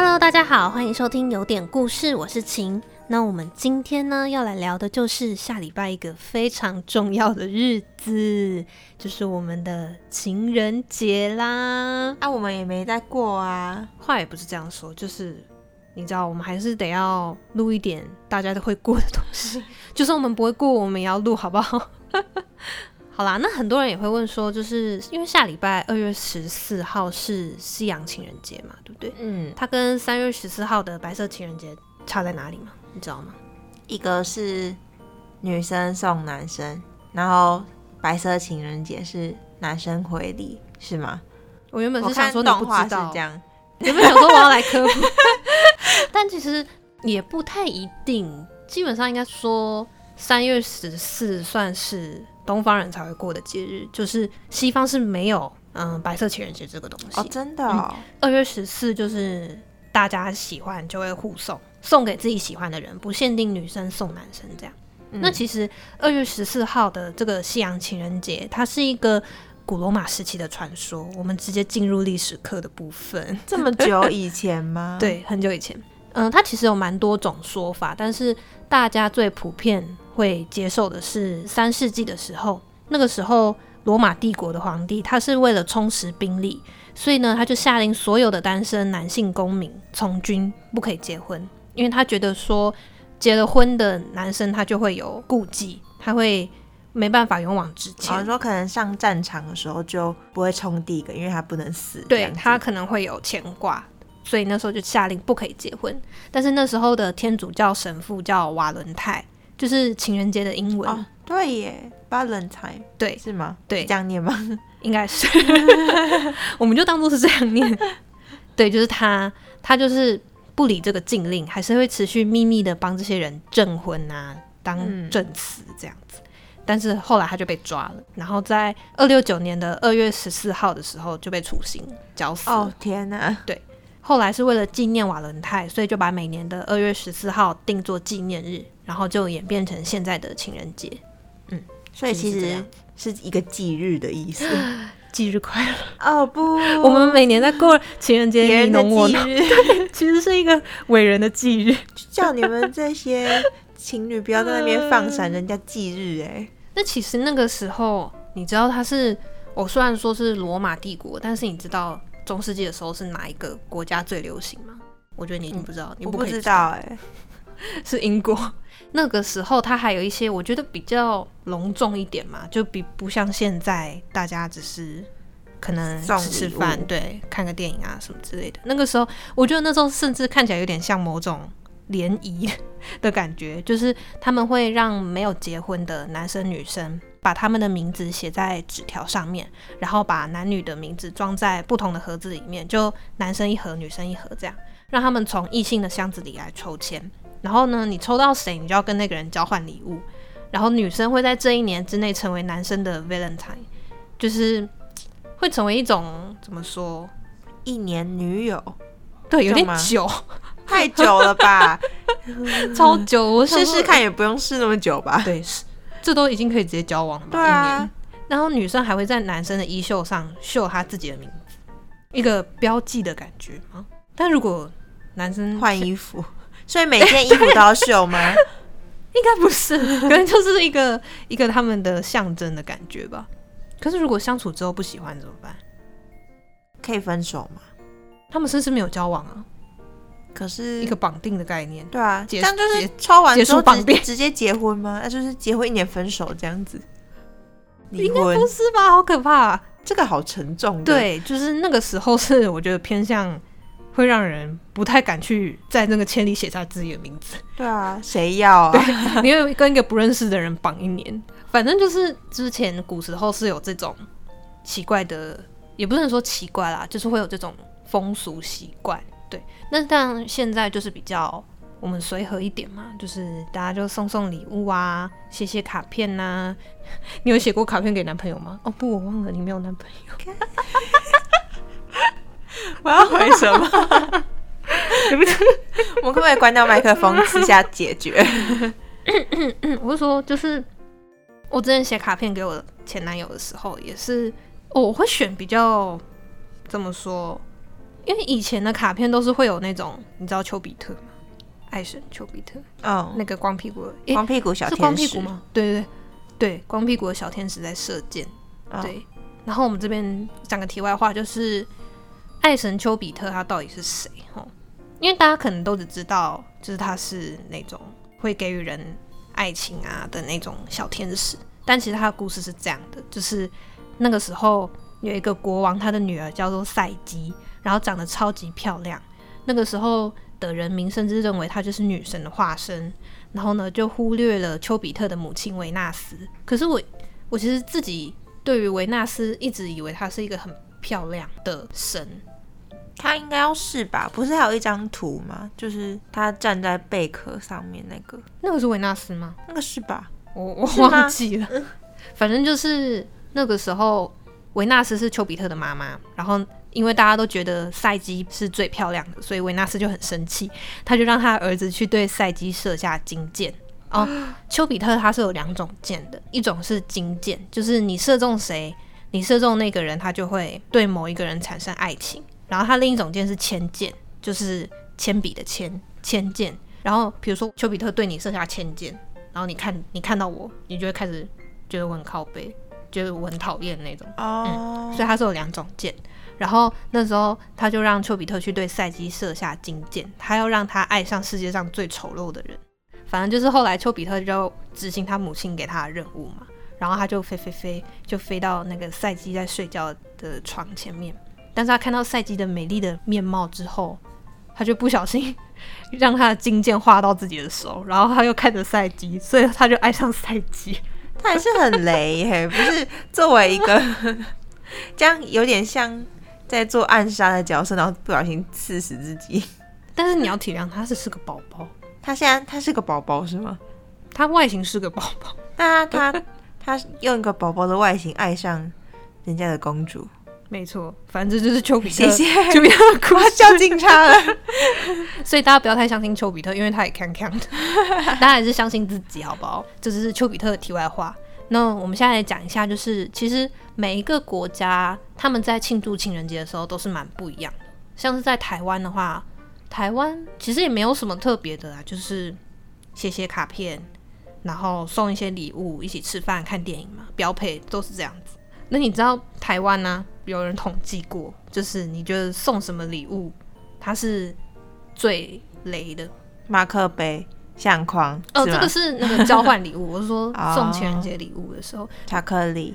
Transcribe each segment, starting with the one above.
Hello，大家好，歡迎收聽有點故事，我是晴。那我們今天呢要來聊的，就是下禮拜一個非常重要的日子，就是我們的情人節啦。啊，我們也沒在過啊，話也不是這樣說，就是你知道，我們還是得要錄一點大家都會過的東西， 就算我們不會過，我們也要錄，好不好？ 好啦，那很多人也會問說，就是因為下禮拜二月十四號是西洋情人節嘛，對不對？嗯，它跟三月十四號的白色情人節差在哪裡嘛？你知道嗎？一個是女生送男生，然後白色情人節是男生回禮，是嗎？我原本是想說你不知道，我看動畫是這樣，你本想說我要來科普， 但其實也不太一定，基本上應該說三月十四算是。東方人才會過的節日，就是西方是沒有嗯白色情人節這個東西。哦、真的、哦，嗯、二月十四就是大家喜歡就會互送，送給自己喜歡的人，不限定女生送男生這樣。嗯、那其實二月十四號的這個西洋情人節，它是一個古羅馬時期的傳說。我們直接進入歷史課的部分，這麼久以前嗎？ 對，很久以前。嗯，它其實有蠻多種說法，但是大家最普遍。會接受的是三世紀的時候，那個時候羅馬帝國的皇帝，他是為了充實兵力，所以呢，他就下令所有的單身男性公民從軍，不可以結婚，因為他覺得說結了婚的男生，他就會有顧忌，他會沒辦法勇往直前。好像說可能上戰場的時候就不會衝第一個，因為他不能死。對，他可能會有牽掛，所以那時候就下令不可以結婚。但是那時候的天主教神父叫瓦倫泰。就是情人節的英文、哦、對耶 Valentine 對，是嗎？對，這樣念嗎？應該該是， 我們就當做是這樣念。 對，就是他，他就是不理這個禁令，還是會持續秘密的幫這些人證婚啊，當證詞這樣子。嗯、但是後來他就被抓了，然後在二六九年的二月十四號的時候就被處刑絞死了。哦天哪，對。後來是為了紀念瓦倫泰，所以就把每年的二月十四號定做紀念日，然後就演變成現在的情人節。嗯，所以其實是，是一個忌日的意思， 忌日快樂。哦，不， 我們每年在過情人節，別人的忌日，其實是一個偉人的忌日。 叫你們這些情侶不要在那邊放閃，人家忌日哎、嗯。那其實那個時候，你知道他是我雖然說是羅馬帝國，但是你知道。中世紀的時候是哪一個國家最流行嗎？我覺得你已經不知道，嗯、你不，不知道哎、欸，是英國。那個時候它還有一些我覺得比較隆重一點嘛，就比不像現在大家只是可能吃吃飯，對，看個電影啊什麼之類的。那個時候我覺得那時候甚至看起來有點像某種聯誼的感覺，就是他們會讓沒有結婚的男生女生。把他們的名字寫在紙條上面，然後把男女的名字裝在不同的盒子裡面，就男生一盒，女生一盒，這樣讓他們從異性的箱子裡來抽籤。然後呢，你抽到誰，你就要跟那個人交換禮物。然後女生會在這一年之內成為男生的 Valentine，就是會成為一種怎麼說，一年女友？對，有點久，久太久了吧？ 超久，我試試看也不用試那麼久吧？對。這都已經可以直接交往了嘛，對啊、一年。然後女生還會在男生的衣袖上繡她自己的名字，一個標記的感覺啊。但如果男生換衣服， 所以每件衣服都要繡嗎？對 應該不是，可能就是一個一個他們的象徵的感覺吧。 可是如果相處之後不喜歡怎麼辦？可以分手嗎？他們甚至沒有交往啊。可是一個綁定的概念，對啊，結這樣就是抽完之後直接結婚嗎？那、啊、就是結婚一年分手這樣子？婚應該不是吧？好可怕、啊，這個好沉重的。對，就是那個時候是我覺得偏向會讓人不太敢去在那個籤裡寫下自己的名字。對啊，誰 要啊？因為跟一個不認識的人綁一年， 反正就是之前古時候是有這種奇怪的，也不能說奇怪啦，就是會有這種風俗習慣。對。那當然，現在就是比較我們隨和一點嘛，就是大家就送送禮物啊，寫寫卡片吶、啊。你有寫過卡片給男朋友嗎？哦不，我忘了，你沒有男朋友。 我要回什麼？我們可不可以關掉麥克風，私下解決？ 咳咳咳咳我是說，就是我之前寫卡片給我前男友的時候，也是我會選比較怎麼說。因為以前的卡片都是會有那種，你知道丘比特嗎？愛神丘比特，哦，oh. 那個光屁股，欸、光屁股小天使，是光屁股嗎？對對對,對光屁股的小天使在射箭。Oh. 對，然後我們這邊講個題外話，就是愛神丘比特他到底是誰？哦，因為大家可能都只知道，就是他是那種會給予人愛情啊的那種小天使，但其實他的故事是這樣的，就是那個時候。有一個國王，他的女兒叫做賽姬，然後長得超級漂亮。那個時候的人民甚至認為她就是女神的化身，然後呢，就忽略了丘比特的母親維納斯。可是我，我其實自己對於維納斯一直以為她是一個很漂亮的神，她應該要是吧？不是還有一張圖嗎？就是她站在貝殼上面那個，那個是維納斯嗎？那個是吧？我我忘記了，嗯、反正就是那個時候。維納斯是丘比特的媽媽，然後因為大家都覺得賽姬是最漂亮的，所以維納斯就很生氣，他就讓他的兒子去對賽姬射下金箭。哦，丘比特他是有兩種箭的，一種是金箭，就是你射中誰，你射中那個人，他就會對某一個人產生愛情。然後他另一種箭是鉛箭，就是鉛筆的鉛，鉛箭。然後比如說丘比特對你射下鉛箭，然後你看你看到我，你就會開始覺得我很靠背。就是我很討厭那種哦。Oh. 嗯，所以他是有兩種箭。然後那時候他就讓丘比特去對賽姬設下金箭，他要讓他愛上世界上最醜陋的人。反正就是後來丘比特就執行他母親給他的任務嘛，然後他就飛飛飛，就飛到那個賽姬在睡覺的床前面。但是他看到賽姬的美麗的面貌之後，他就不小心讓他的金箭劃到自己的手，然後他又看着賽姬，所以他就愛上賽姬。他還是很雷嘿，不是作為一個這樣有點像在做暗殺的角色，然後不小心刺死自己。但是你要體諒他，是是個寶寶。他現在他是個寶寶是嗎？他外形是個寶寶。啊，他他用一個寶寶的外形愛上人家的公主。沒錯，反正就是丘比特，丘謝比特哭要警察了。 所以大家不要太相信丘比特，因為他也 can count。大家還是相信自己，好不好？這就是丘比特的題外話。那我們現在來講一下，就是其實每一個國家他們在慶祝情人節的時候都是蠻不一樣的。像是在台灣的話，台灣其實也沒有什麼特別的啊，就是寫寫卡片，然後送一些禮物，一起吃飯看電影嘛，標配都是這樣子。那你知道台灣呢、啊？有人統計過，就是你覺得送什麼禮物，它是最雷的。馬克杯、相框？哦，完這個是那個交換禮物， 我是說送情人節禮物的時候，巧克力。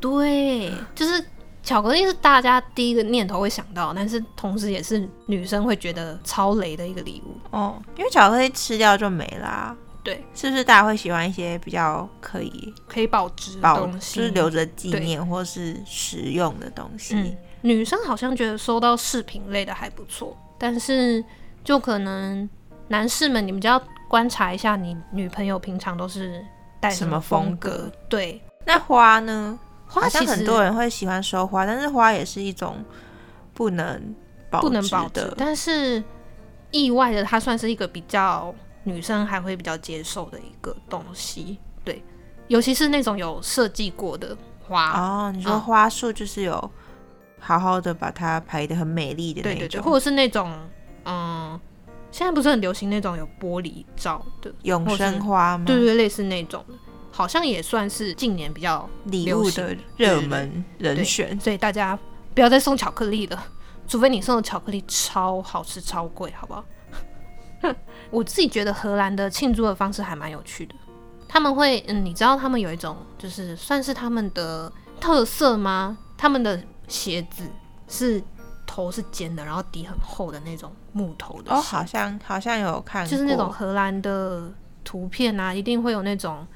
對，就是巧克力是大家第一個念頭會想到，但是同時也是女生會覺得超雷的一個禮物哦，因為巧克力吃掉就沒啦啊。對，是不是大家會喜歡一些比較可以保可以保值的東西保，就是留着紀念對或是實用的東西？嗯，女生好像覺得收到飾品類的還不錯，但是就可能男士們，你們就要觀察一下你女朋友平常都是帶什麼風格。風格。對，那花呢？花其實好像很多人會喜歡收花，但是花也是一種不能保，不能保的。但是意外的，它算是一個比較，女生還會比較接受的一個東西，對，尤其是那種有設計過的花哦，你說花束就是有好好的把它排得很美麗的那種、嗯、對，對對對，或者是那種嗯，現在不是很流行那種有玻璃罩的永生花嗎？對對，類似那種好像也算是近年比較禮物的熱門人選，對，所以大家不要再送巧克力了，除非你送的巧克力超好吃、超貴，好不好？ 我自己覺得荷蘭的慶祝的方式還蠻有趣的，他們會，嗯，你知道他們有一種就是算是他們的特色嗎？他們的鞋子是頭是尖的，然後底很厚的那種木頭的。哦，好像好像有看，就是那種荷蘭的圖片啊，一定會有那種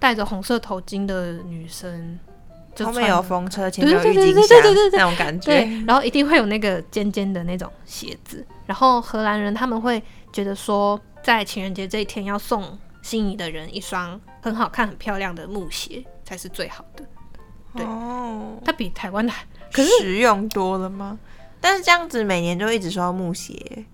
戴着紅色頭巾的女生。後面有風車，前面有鬱金香，那種感覺。對，然後一定會有那個尖尖的那種鞋子。然後荷蘭人他們會覺得說，在情人節這一天要送心儀的人一雙很好看、很漂亮的木鞋，才是最好的。對、哦、它比台灣的可是實用多了嗎？但是這樣子每年就一直說到木鞋，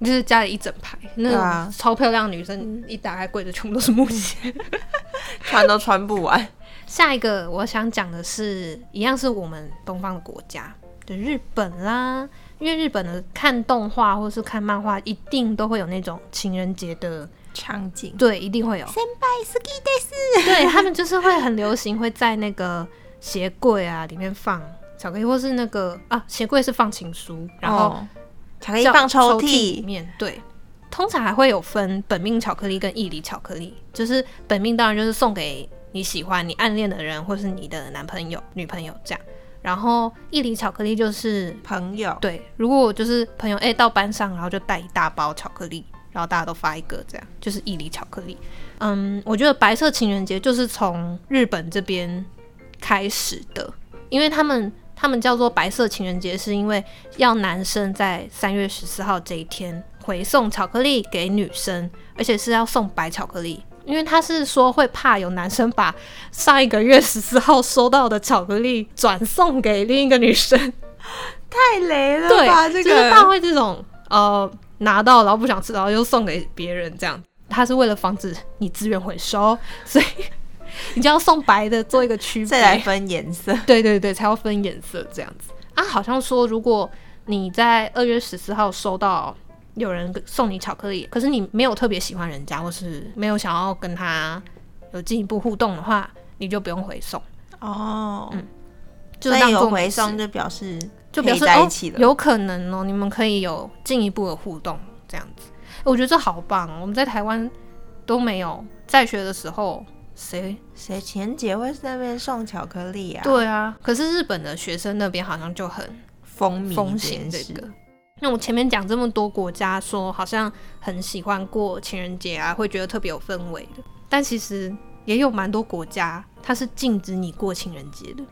就是家裡一整排，那種超漂亮的女生、啊、一打開櫃子，全部都是木鞋， 穿都穿不完。 下一個我想講的是，一樣是我們東方的國家的日本啦，因為日本的看動畫或是看漫畫，一定都會有那種情人節的場景。對，一定會有。先輩好きです。對，他們就是會很流行， 會在那個鞋櫃啊裡面放巧克力，或是那個啊鞋櫃是放情書，哦、然後巧克力放抽屜裡面。對，通常還會有分本命巧克力跟義理巧克力，就是本命當然就是送給。你喜歡你暗戀的人，或是你的男朋友、女朋友這樣，然後義理巧克力就是朋友。對，如果就是朋友，誒、欸，到班上然後就帶一大包巧克力，然後大家都發一個這樣，就是義理巧克力。嗯，我覺得白色情人節就是從日本這邊開始的，因為他們他們叫做白色情人節，是因為要男生在三月十四號這一天回送巧克力給女生，而且是要送白巧克力。因為他是說會怕有男生把上一個月十四號收到的巧克力，轉送給另一個女生，太雷了吧？對這個就是怕會這種呃拿到，然後不想吃，然後又送給別人這樣。他是為了防止你資源回收，所以 你就要送白的做一個區分，再來分顏色。對對對，才要分顏色這樣子啊。好像說如果你在二月十四號收到。有人送你巧克力，可是你沒有特別喜歡人家，或是沒有想要跟他有進一步互動的話，你就不用回送哦。嗯，所以有回送就表示就表示在一起了，哦，有可能哦，你們可以有進一步的互動這樣子。我覺得這好棒哦。我們在台灣都沒有，在學的時候，誰誰情人節會在那邊送巧克力啊？對啊，可是日本的學生那邊好像就很風風行這個。那我前面講這麼多國家，說好像很喜歡過情人節啊，會覺得特別有氛圍的，但其實也有蠻多國家，它是禁止你過情人節的。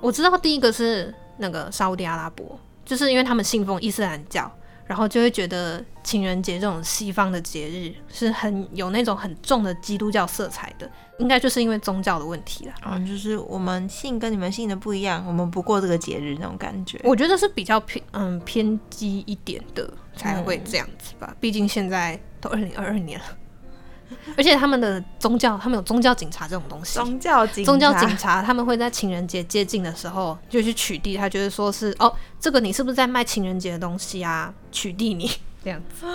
我知道第一個是那個沙烏地阿拉伯，就是因為他們信奉伊斯蘭教。然後就會覺得情人節這種西方的節日是很有那種很重的基督教色彩的，應該就是因為宗教的問題啦。嗯，就是我們信跟你們信的不一樣，我們不過這個節日那種感覺。我覺得是比較偏嗯偏激一點的才會，會這樣子吧，嗯、畢竟現在都二零二二年了。而且他們的宗教，他們有宗教警察這種東西。宗教警察，宗教警察，他們會在情人節接近的時候就去取締。他就是說是哦，這個你是不是在賣情人節的東西啊？取締你這樣子。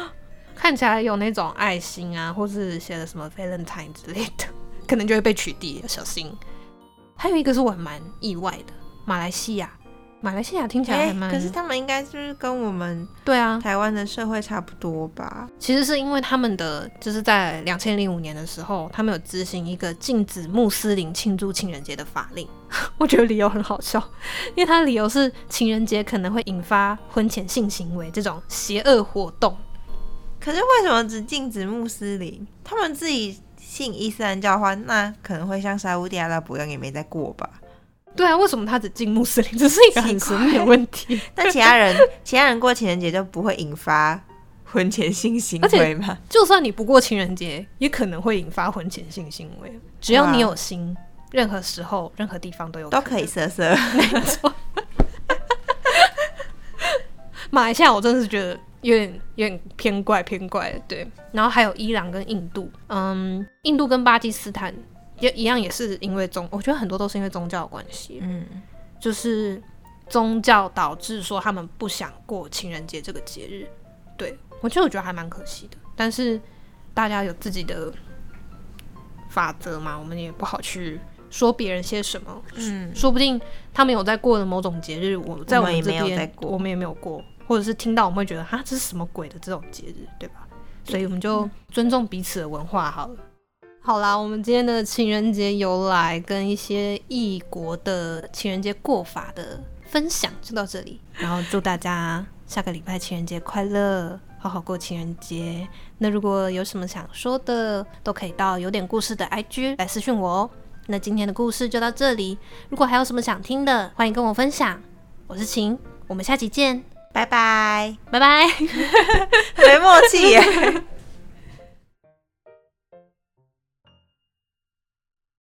看起來有那種愛心啊，或是寫了什麼 Valentine 之類的，可能就會被取締，要小心。還有一個是我蠻意外的，馬來西亞。馬來西亞聽起來還蠻、欸，可是他們應該就是,是跟我們對啊，台灣的社會差不多吧？啊、其實是因為他們的就是在兩千零五年的時候，他們有執行一個禁止穆斯林慶祝情人節的法令。我覺得理由很好笑，因為他的理由是情人節可能會引發婚前性行為這種邪惡活動。可是為什麼只禁止穆斯林？他們自己信伊斯蘭教的話，那可能會像沙烏地阿拉伯一樣也沒在過吧？對啊，為什麼他只禁穆斯林？這是，是一個很純的問題。但其他人， 其他人過情人節就不會引發婚前性行為嗎？就算你不過情人節，也可能會引發婚前性行為。只要你有心，哇任何時候、任何地方都有可都可以色色沒錯。馬來西亞，我真是覺得有點有點偏怪偏怪。對，然後還有伊朗跟印度，嗯，印度跟巴基斯坦。也一樣，也是因為宗，我覺得很多都是因為宗教的關係，嗯，就是宗教導致說他們不想過情人節這個節日，對我就我覺得還蠻可惜的。但是大家有自己的法則嘛，我們也不好去說別人些什麼，嗯，說不定他們有在過的某種節日，我在我們這邊我，我們也沒有過，或者是聽到我們會覺得啊，這是什麼鬼的這種節日，對吧？對，所以我們就尊重彼此的文化好了。好啦，我們今天的情人節由來跟一些異國的情人節過法的分享就到這裡。 然後祝大家下個禮拜情人節快樂，好好過情人節。那如果有什麼想說的，都可以到有點故事的 IG 來私訊我哦。那今天的故事就到這裡，如果還有什麼想聽的，歡迎跟我分享。我是晴，我們下期見，拜拜，拜拜，沒默契耶。